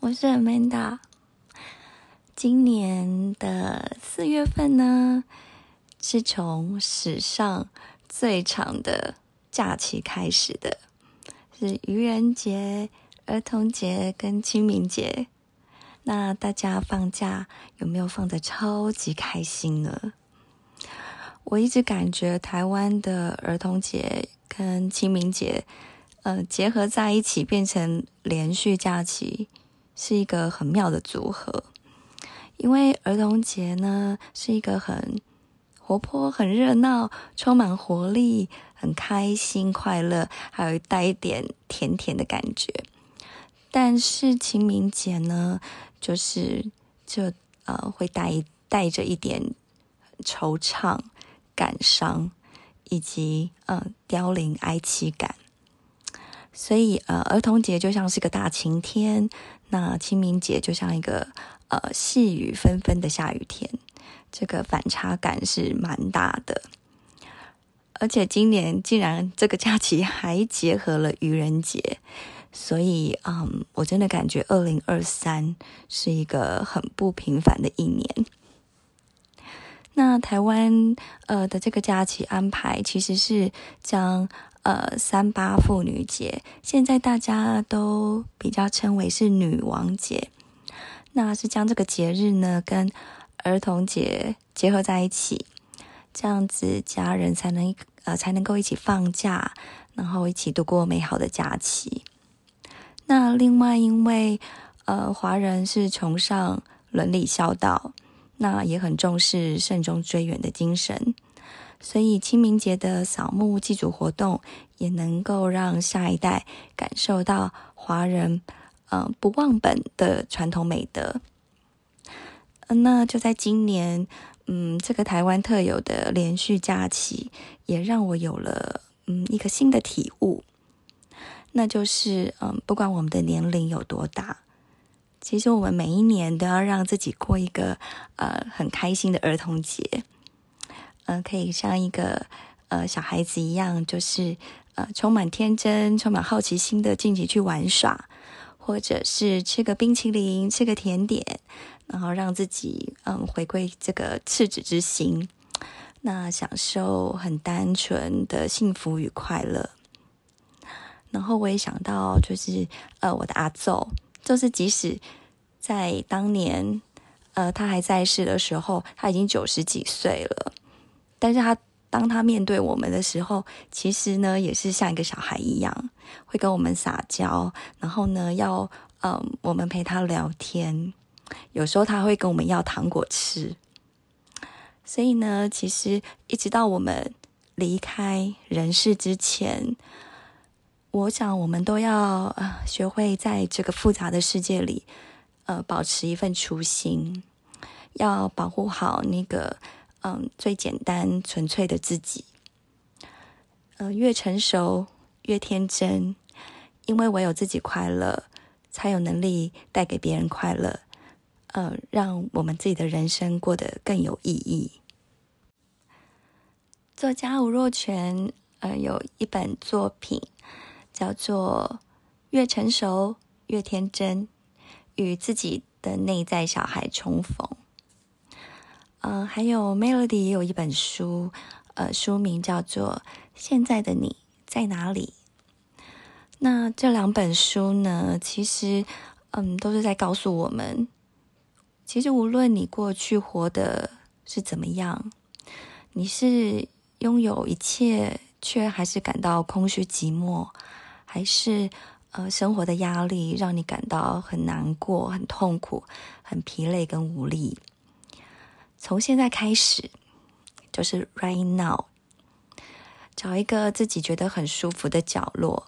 我是 Manda。今年的四月份呢，是從史上最長的假期開始的，是愚人節、兒童節跟清明節。那大家放假有沒有放得超級開心呢？我一直感覺臺灣的兒童節跟清明節，呃，結合在一起變成連續假期。是一個很妙的組合，因為兒童節呢是一個很活潑、很熱鬧、充滿活力、很開心、快樂，還有帶一點甜甜的感覺。但是清明節呢，就是就呃會帶帶着一點惆悵、感傷，以及嗯、呃、凋零、哀戚感。所以呃兒童節就像是個大晴天。那清明節就像一個，呃，細雨紛紛的下雨天，這個反差感是蠻大的。而且今年竟然這個假期還結合了愚人節，所以，嗯，我真的感覺二零二三是一個很不平凡的一年。那台灣，呃，的這個假期安排其實是將。呃，三八婦女節，現在大家都比較稱為是女王節，那是將這個節日呢跟兒童節結合在一起，這樣子家人才能呃才能夠一起放假，然後一起度過美好的假期。那另外，因為呃，華人是崇尚倫理孝道，那也很重視慎終追遠的精神。所以清明節的掃墓祭祖活動，也能夠讓下一代感受到華人，嗯、呃，不忘本的傳統美德。嗯、呃，那就在今年，嗯，這個台灣特有的連續假期，也讓我有了，嗯，一個新的體悟，那就是，嗯，不管我們的年齡有多大，其實我們每一年都要讓自己過一個，呃，很開心的兒童節。嗯、呃，可以像一個呃小孩子一樣，就是呃充滿天真、充滿好奇心的，進去去玩耍，或者是吃個冰淇淋、吃個甜點，然後讓自己嗯、呃、回歸這個赤子之心，那享受很單純的幸福與快樂。然後我也想到，就是呃我的阿奏，就是即使在當年呃他還在世的時候，他已經九十幾歲了。但是他當他面對我們的時候，其實呢也是像一個小孩一樣，會跟我們撒嬌，然後呢要嗯、呃、我們陪他聊天，有時候他會跟我們要糖果吃。所以呢，其實一直到我們離開人世之前，我想我們都要呃學會在這個複雜的世界裡，呃保持一份初心，要保護好那個。嗯，最簡單純粹的自己。嗯、呃，越成熟越天真，因為唯有自己快樂，才有能力帶給別人快樂。嗯、呃，讓我們自己的人生過得更有意義。作家吳若權，呃，有一本作品叫做《越成熟越天真》，與自己的內在小孩重逢。呃，還有 Melody 也有一本書，呃，書名叫做《現在的你在哪裡》。那這兩本書呢，其實，嗯，都是在告訴我們，其實無論你過去活的是怎麼樣，你是擁有一切，卻還是感到空虛寂寞，還是呃生活的壓力讓你感到很難過、很痛苦、很疲累跟無力。從現在開始，就是 right now，找一個自己覺得很舒服的角落，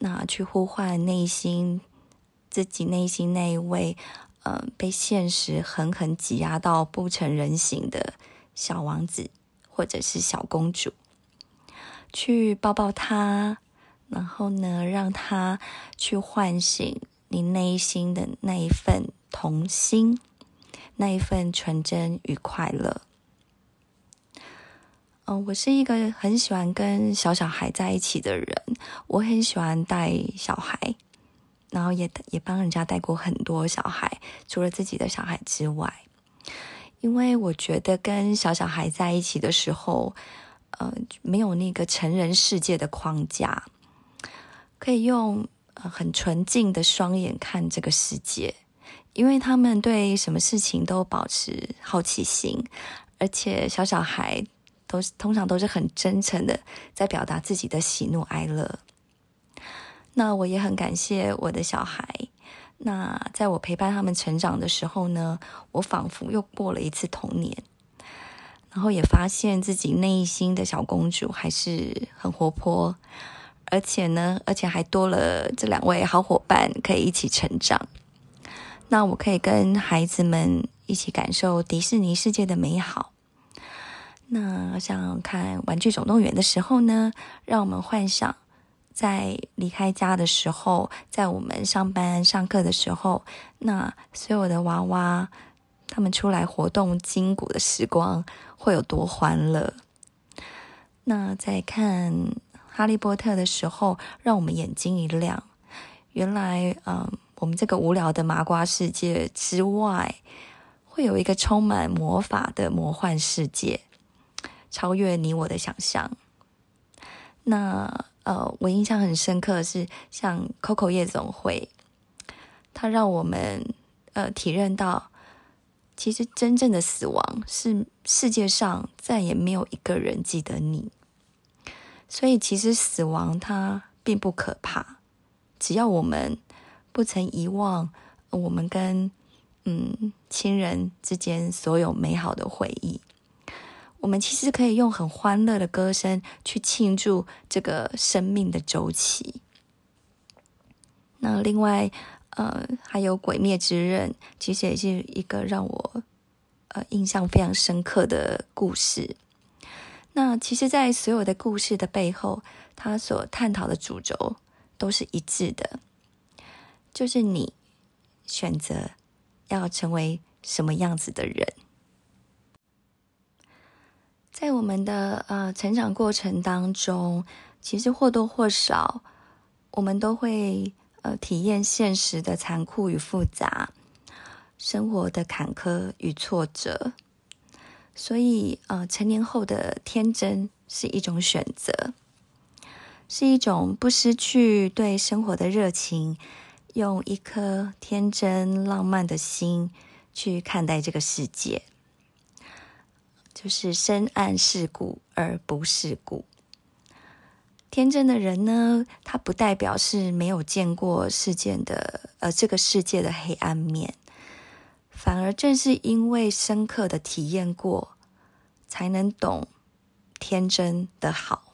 那去呼喚內心，自己內心那一位，呃，被現實狠狠擠壓到不成人形的小王子或者是小公主，去抱抱他，然後呢，讓他去喚醒你內心的那一份童心。那一份純真與快樂。嗯、呃，我是一個很喜歡跟小小孩在一起的人，我很喜歡帶小孩，然後也也幫人家帶過很多小孩，除了自己的小孩之外，因為我覺得跟小小孩在一起的時候，呃，沒有那個成人世界的框架，可以用呃很純淨的雙眼看這個世界。因為他們對什麼事情都保持好奇心，而且小小孩都是通常都是很真誠的，在表達自己的喜怒哀樂。那我也很感謝我的小孩。那在我陪伴他們成長的時候呢，我仿佛又過了一次童年，然後也發現自己內心的小公主還是很活潑，而且呢，而且還多了這兩位好伙伴可以一起成長。那我可以跟孩子們一起感受迪士尼世界的美好。那像看《玩具總動員》的時候呢，讓我們幻想在離開家的時候，在我們上班上課的時候，那所有的娃娃他們出來活動筋骨的時光會有多歡樂？那在看《哈利波特》的時候，讓我們眼睛一亮，原來，嗯。我們這個無聊的麻瓜世界之外，會有一個充滿魔法的魔幻世界，超越你我的想象。那呃，我印象很深刻的是像 Coco 夜總會，它讓我們呃體認到，其實真正的死亡是世界上再也沒有一個人記得你，所以其實死亡它並不可怕，只要我們。不曾遺忘我們跟嗯親人之間所有美好的回憶。我們其實可以用很歡樂的歌聲去慶祝這個生命的週期。那另外呃還有《鬼滅之刃》，其實也是一個讓我呃印象非常深刻的故事。那其實在所有的故事的背後，它所探討的主軸都是一致的。就是你選擇要成為什麼樣子的人，在我們的呃成長過程當中，其實或多或少我們都會呃體驗現實的殘酷與複雜，生活的坎坷與挫折。所以，呃，成年後的天真是一種選擇，是一種不失去對生活的熱情。用一顆天真浪漫的心去看待這個世界，就是深諳世故而不世故。天真的人呢，他不代表是沒有見過世界的，呃，這個世界的黑暗面，反而正是因為深刻的體驗過，才能懂天真的好。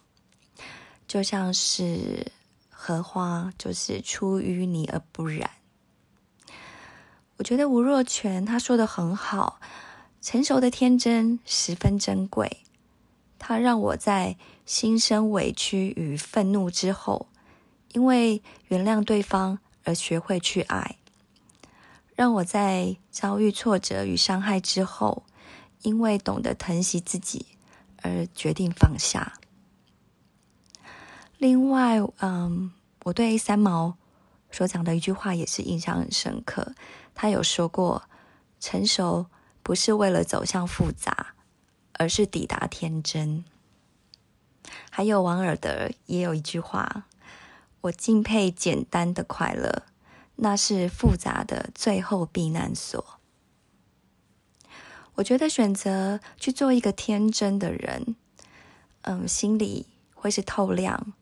就像是。荷花就是出淤泥而不染。我覺得吳若權他說得很好，成熟的天真十分珍貴。他讓我在心生委屈與憤怒之後，因為原諒對方而學會去愛；讓我在遭遇挫折與傷害之後，因為懂得疼惜自己而決定放下。另外，嗯。我對三毛所講的一句話也是印象很深刻，他有說過：“成熟不是為了走向複雜，而是抵達天真。”還有王爾德也有一句話，我敬佩簡單的快樂，那是複雜的最後避難所。我覺得選擇去做一個天真的人，嗯，心裡會是透亮。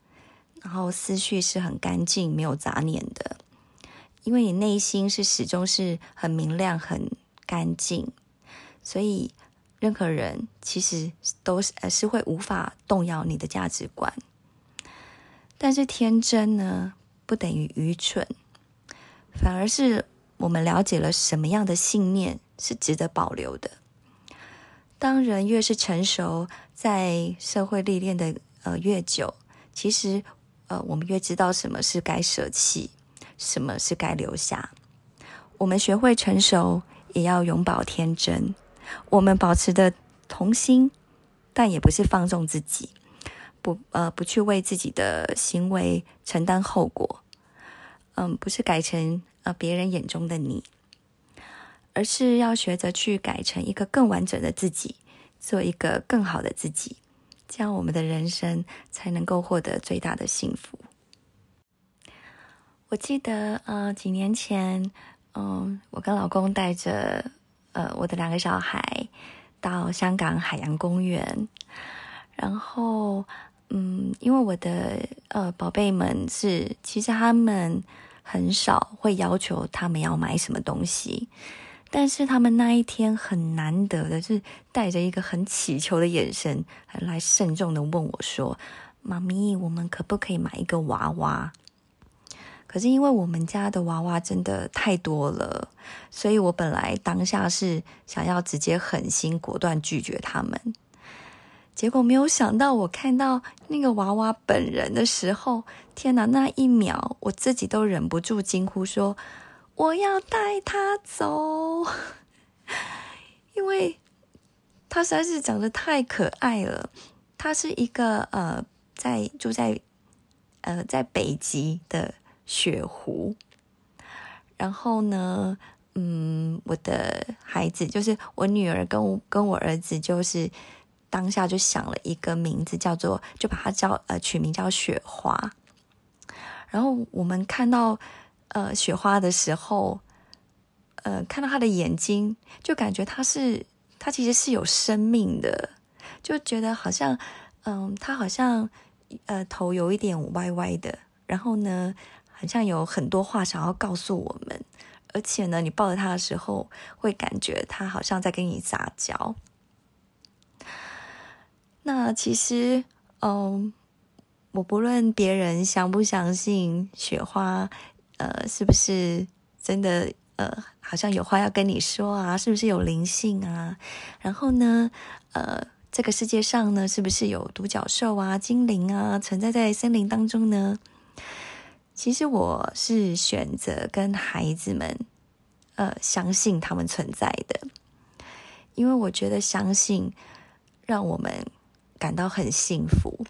然後思緒是很乾淨、沒有雜念的，因為你內心是始終是很明亮、很乾淨，所以任何人其實都是是會無法動搖你的價值觀。但是天真呢，不等於愚蠢，反而是我們了解了什麼樣的信念是值得保留的。當人越是成熟，在社會歷練的呃越久，其實。呃，我們越知道什麼是該捨棄，什麼是該留下，我們學會成熟，也要永葆天真。我們保持的童心，但也不是放縱自己，不呃，不去為自己的行為承擔後果。嗯、呃，不是改成呃別人眼中的你，而是要學着去改成一個更完整的自己，做一個更好的自己。這樣，我們的人生才能夠獲得最大的幸福。我記得，呃，幾年前，嗯、呃，我跟老公帶着呃我的兩個小孩到香港海洋公園，然後，嗯，因為我的呃寶貝們是，其實他們很少會要求他們要買什麼東西。但是他們那一天很難得的是帶着一個很乞求的眼神來，來慎重的問我說：“媽咪，我們可不可以買一個娃娃？”可是因為我們家的娃娃真的太多了，所以我本來當下是想要直接狠心果斷拒絕他們。結果沒有想到，我看到那個娃娃本人的時候，天哪！那一秒我自己都忍不住驚呼說，我要帶他走， 因為他實在是長得太可愛了。他是一個呃，在住在呃在北極的雪狐。然後呢，嗯，我的孩子就是我女兒跟跟我兒子，就是當下就想了一個名字，叫做就把他叫呃取名叫雪花。然後我們看到。呃，雪花的時候，呃，看到他的眼睛，就感覺他是他其實是有生命的，就覺得好像，嗯、呃，他好像，呃，頭有一點歪歪的，然後呢，好像有很多話想要告訴我們，而且呢，你抱着他的時候，會感覺他好像在跟你撒嬌。那其實，嗯、呃，我不論別人相不相信雪花，呃，是不是真的？呃，好像有話要跟你說啊，是不是有靈性啊？然後呢，呃，這個世界上呢，是不是有獨角獸啊、精靈啊存在在森林當中呢？其實我是選擇跟孩子們，呃，相信他們存在的，因為我覺得相信讓我們感到很幸福。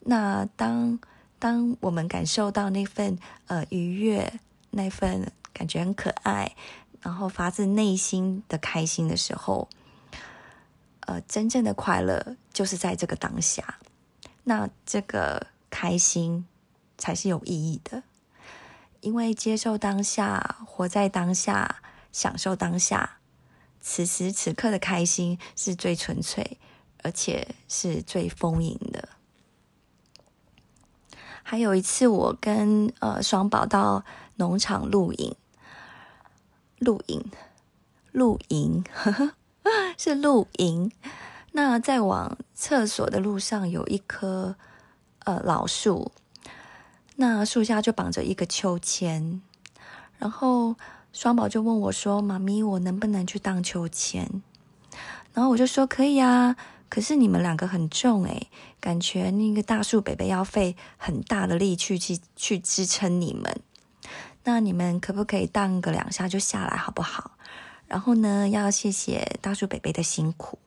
那當。當我們感受到那份呃愉悅，那份感覺很可愛，然後發自內心的開心的時候，呃，真正的快樂就是在這個當下。那這個開心才是有意義的，因為接受當下，活在當下，享受當下，此時此刻的開心是最純粹，而且是最豐盈的。還有一次，我跟呃雙寶到農場露營，露營，露營，呵呵，是露營。那在往廁所的路上有一棵呃老樹，那樹下就綁着一個秋千，然後雙寶就問我說：“媽咪，我能不能去盪秋千？”然後我就說：“可以啊。”可是你們兩個很重哎，感覺那個大樹伯伯要費很大的力去去去支撐你們。那你們可不可以盪個兩下就下來好不好？然後呢，要謝謝大樹伯伯的辛苦。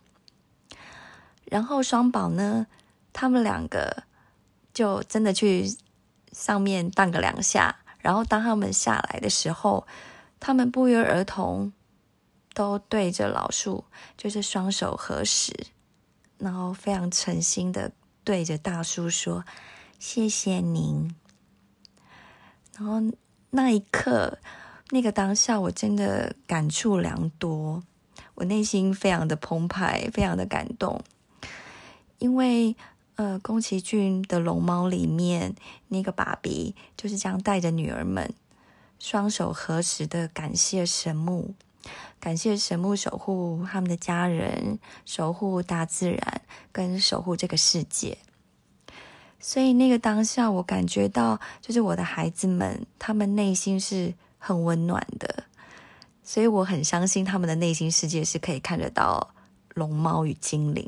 然後雙寶呢，他們兩個就真的去上面盪個兩下。然後當他們下來的時候，他們不約而同都對着老樹，就是雙手合十。然後非常誠心的對着大叔說：“謝謝您。”然後那一刻，那個當下，我真的感觸良多，我內心非常的澎湃，非常的感動，因為呃，宮崎駿的《龍貓》裡面那個爸比就是這樣帶着女兒們雙手合十的感謝神木。感謝神木守護他們的家人，守護大自然，跟守護這個世界。所以那個當下，我感覺到就是我的孩子們，他們內心是很溫暖的。所以我很相信他們的內心世界是可以看得到龍貓與精靈。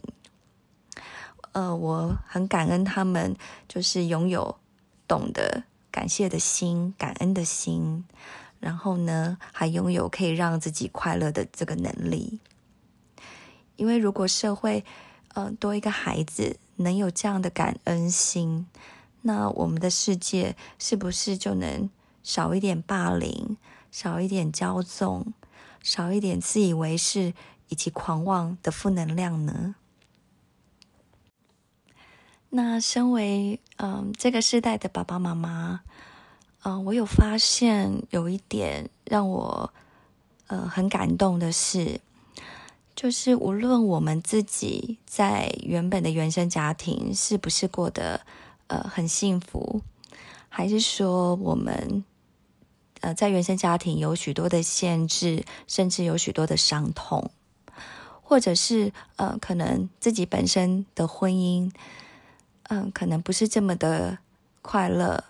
呃，我很感恩他們就是擁有懂得感謝的心，感恩的心。然後呢，還擁有可以讓自己快樂的這個能力。因為如果社會，嗯、呃，多一個孩子能有這樣的感恩心，那我們的世界是不是就能少一點霸凌，少一點驕縱，少一點自以為是以及狂妄的負能量呢？那身為嗯、呃、這個世代的爸爸媽媽。嗯、呃，我有發現有一點讓我呃很感動的是，就是無論我們自己在原本的原生家庭是不是過得呃很幸福，還是說我們呃在原生家庭有許多的限制，甚至有許多的傷痛，或者是呃可能自己本身的婚姻，嗯、呃，可能不是這麼的快樂。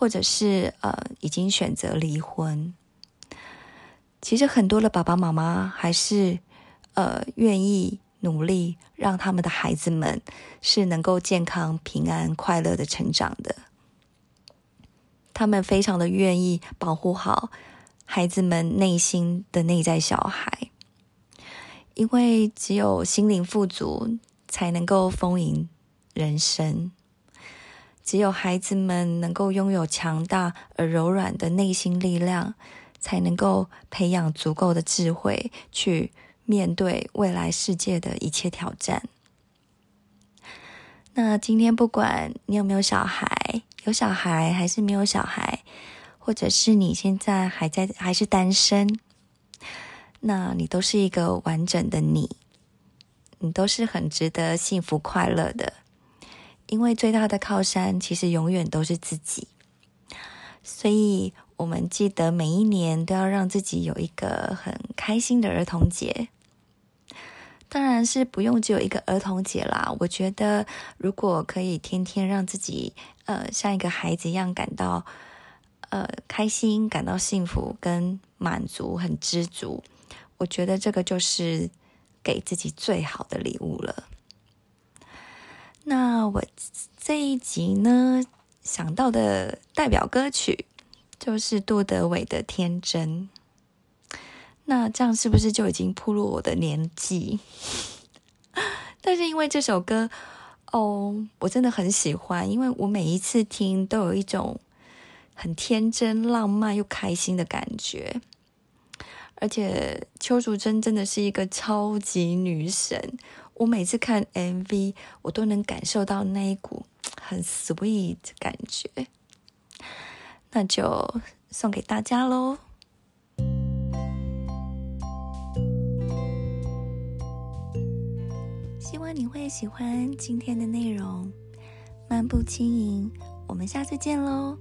或者是呃，已經選擇離婚，其實很多的爸爸媽媽還是呃願意努力，讓他們的孩子們是能夠健康、平安、快樂的成長的。他們非常的願意保護好孩子們內心的內在小孩，因為只有心靈富足，才能夠豐盈人生。只有孩子們能夠擁有強大而柔軟的內心力量，才能夠培養足夠的智慧去面對未來世界的一切挑戰。那今天不管你有沒有小孩，有小孩還是沒有小孩，或者是你現在還在，還是單身，那你都是一個完整的你，你都是很值得幸福快樂的。因為最大的靠山其實永遠都是自己，所以我們記得每一年都要讓自己有一個很開心的兒童節。當然是不用只有一個兒童節啦，我覺得如果可以天天讓自己呃像一個孩子一樣感到呃開心、感到幸福跟滿足、很知足，我覺得這個就是給自己最好的禮物了。那我這一集呢想到的代表歌曲就是杜德偉的《天真》。那這樣是不是就已經暴露我的年紀？ 但是因為這首歌，哦，我真的很喜歡，因為我每一次聽都有一種很天真、浪漫又開心的感覺。而且邱淑貞真的是一個超級女神。我每次看 MV，我都能感受到那一股很 sweet 的感覺，那就送給大家嘍。希望你會喜歡今天的內容，漫步輕盈，我們下次見嘍。